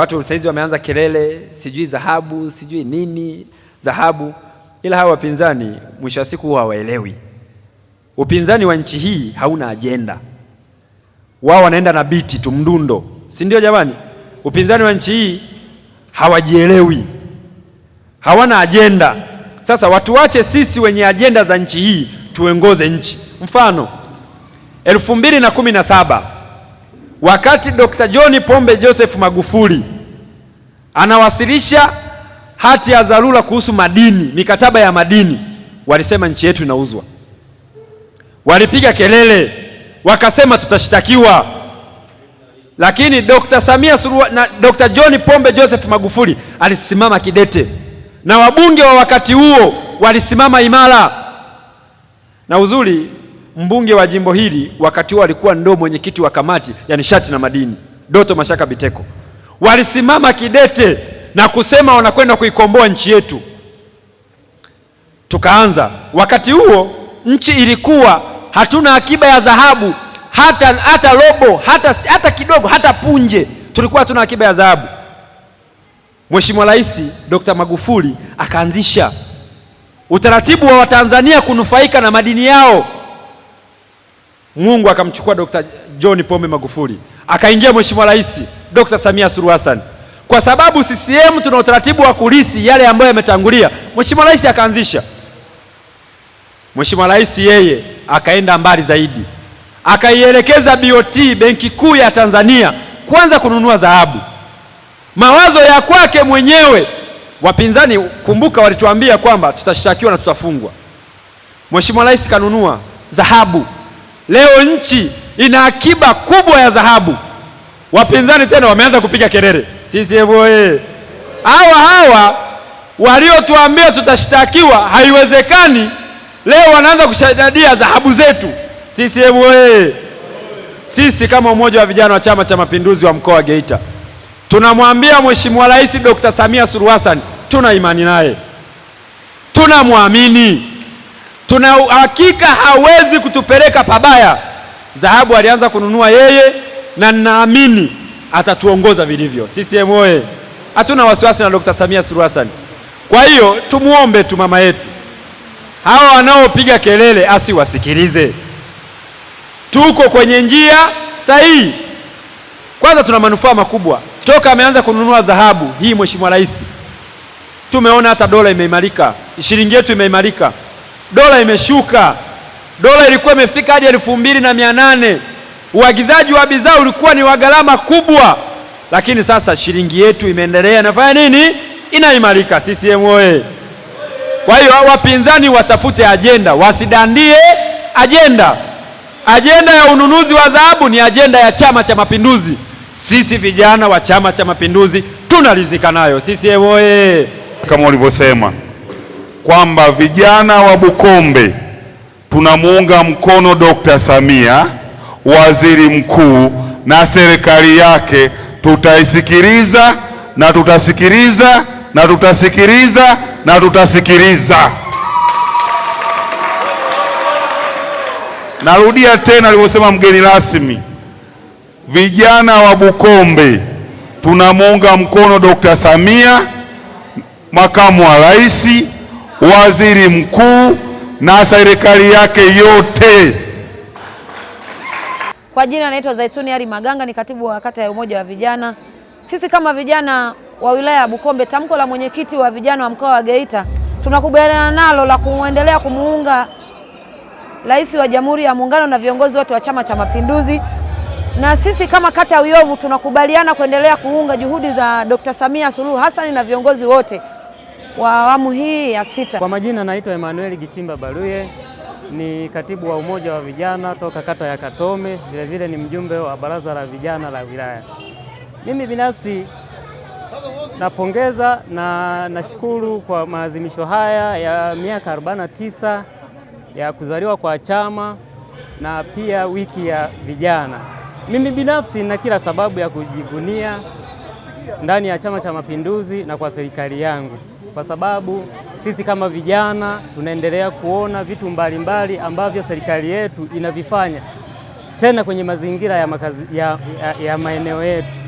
Watu saizi wameanza kelele, sijui dhahabu, sijui nini dhahabu, ila hawa wapinzani mwisho wa siku huwa hawaelewi. Upinzani wa nchi hii hauna ajenda, wao wanaenda na biti tu, mdundo, si ndio? Jamani, upinzani wa nchi hii hawajielewi, hawana ajenda. Sasa watuache sisi wenye ajenda za nchi hii tuongoze nchi. Mfano elfu mbili na kumi na saba Wakati Dr. John Pombe Joseph Magufuli anawasilisha hati ya dharura kuhusu madini, mikataba ya madini, walisema nchi yetu inauzwa. Walipiga kelele, wakasema tutashtakiwa. Lakini Dr. Samia Suluhu na Dr. John Pombe Joseph Magufuli alisimama kidete, na wabunge wa wakati huo walisimama imara, na uzuri mbunge wa jimbo hili wakati huo alikuwa ndo mwenyekiti wa kamati ya nishati na madini, Doto Mashaka Biteko. Walisimama kidete na kusema wanakwenda kuikomboa nchi yetu. Tukaanza wakati huo, nchi ilikuwa hatuna akiba ya dhahabu hata, hata robo hata, hata kidogo hata punje, tulikuwa hatuna akiba ya dhahabu. Mheshimiwa Rais Dr. Magufuli akaanzisha utaratibu wa Watanzania kunufaika na madini yao. Mungu akamchukua Dr. John Pombe Magufuli, akaingia Mheshimiwa Rais Dr. Samia Suluhu Hassan. Kwa sababu CCM tuna utaratibu wa kulisi yale ambayo yametangulia, Mheshimiwa Rais akaanzisha. Mheshimiwa Rais yeye akaenda mbali zaidi, akaielekeza BOT, Benki Kuu ya Tanzania, kwanza kununua dhahabu. Mawazo ya kwake mwenyewe. Wapinzani kumbuka, walituambia kwamba tutashtakiwa na tutafungwa. Mheshimiwa Rais kanunua dhahabu Leo nchi ina akiba kubwa ya dhahabu. Wapinzani tena wameanza kupiga kelele CCM oye! Hawa hawa waliotuambia tutashtakiwa, haiwezekani, leo wanaanza kushadadia dhahabu zetu. CCM oyee Sisi kama umoja wa vijana wa Chama cha Mapinduzi wa mkoa wa Geita tunamwambia Mheshimiwa Rais Dr. Samia Suluhu Hassan, tuna imani naye, tunamwamini tuna uhakika hawezi kutupeleka pabaya. Dhahabu alianza kununua yeye, na ninaamini atatuongoza vilivyo. CCM oye! Hatuna wasiwasi na Dr. Samia Suluhu Hassan. Kwa hiyo tumuombe tu mama yetu, hawa wanaopiga kelele asiwasikilize. Tuko kwenye njia sahihi. Kwanza tuna manufaa makubwa toka ameanza kununua dhahabu hii, Mheshimiwa Rais, tumeona hata dola imeimarika, shilingi yetu imeimarika dola imeshuka. Dola ilikuwa imefika hadi elfu mbili na mia nane. Uagizaji wa bidhaa ulikuwa ni wa gharama kubwa, lakini sasa shilingi yetu imeendelea inafanya nini? Inaimarika. CCM oye! Kwa hiyo wapinzani watafute ajenda, wasidandie ajenda. Ajenda ya ununuzi wa dhahabu ni ajenda ya Chama cha Mapinduzi. Sisi vijana wa Chama cha Mapinduzi tunalizika nayo. CCM oye! Kama ulivyosema kwamba vijana wa Bukombe tunamuunga mkono dokta Samia waziri mkuu na serikali yake, tutaisikiliza na tutasikiliza na tutasikiliza na tutasikiliza. Narudia tena alivyosema mgeni rasmi, vijana wa Bukombe tunamuunga mkono dokta Samia makamu wa rais waziri mkuu na serikali yake yote. Kwa jina naitwa Zaituni Ali Maganga, ni katibu wa kata ya Umoja wa Vijana. Sisi kama vijana wa wilaya ya Bukombe, tamko la mwenyekiti wa vijana wa mkoa wa Geita tunakubaliana nalo la kuendelea kumuunga Rais wa Jamhuri ya Muungano na viongozi wote wa Chama cha Mapinduzi. Na sisi kama kata ya Uyovu tunakubaliana kuendelea kuunga juhudi za Dr. Samia Suluhu Hassan na viongozi wote wa awamu hii ya sita. Kwa majina naitwa Emmanuel Gishimba Baruye, ni katibu wa umoja wa vijana toka kata ya Katome, vilevile ni mjumbe wa baraza la vijana la wilaya. Mimi binafsi napongeza na nashukuru kwa maadhimisho haya ya miaka 49 ya kuzaliwa kwa chama na pia wiki ya vijana. Mimi binafsi na kila sababu ya kujivunia ndani ya Chama cha Mapinduzi na kwa serikali yangu kwa sababu sisi kama vijana tunaendelea kuona vitu mbalimbali mbali ambavyo serikali yetu inavifanya tena kwenye mazingira ya makazi ya, ya, ya maeneo yetu.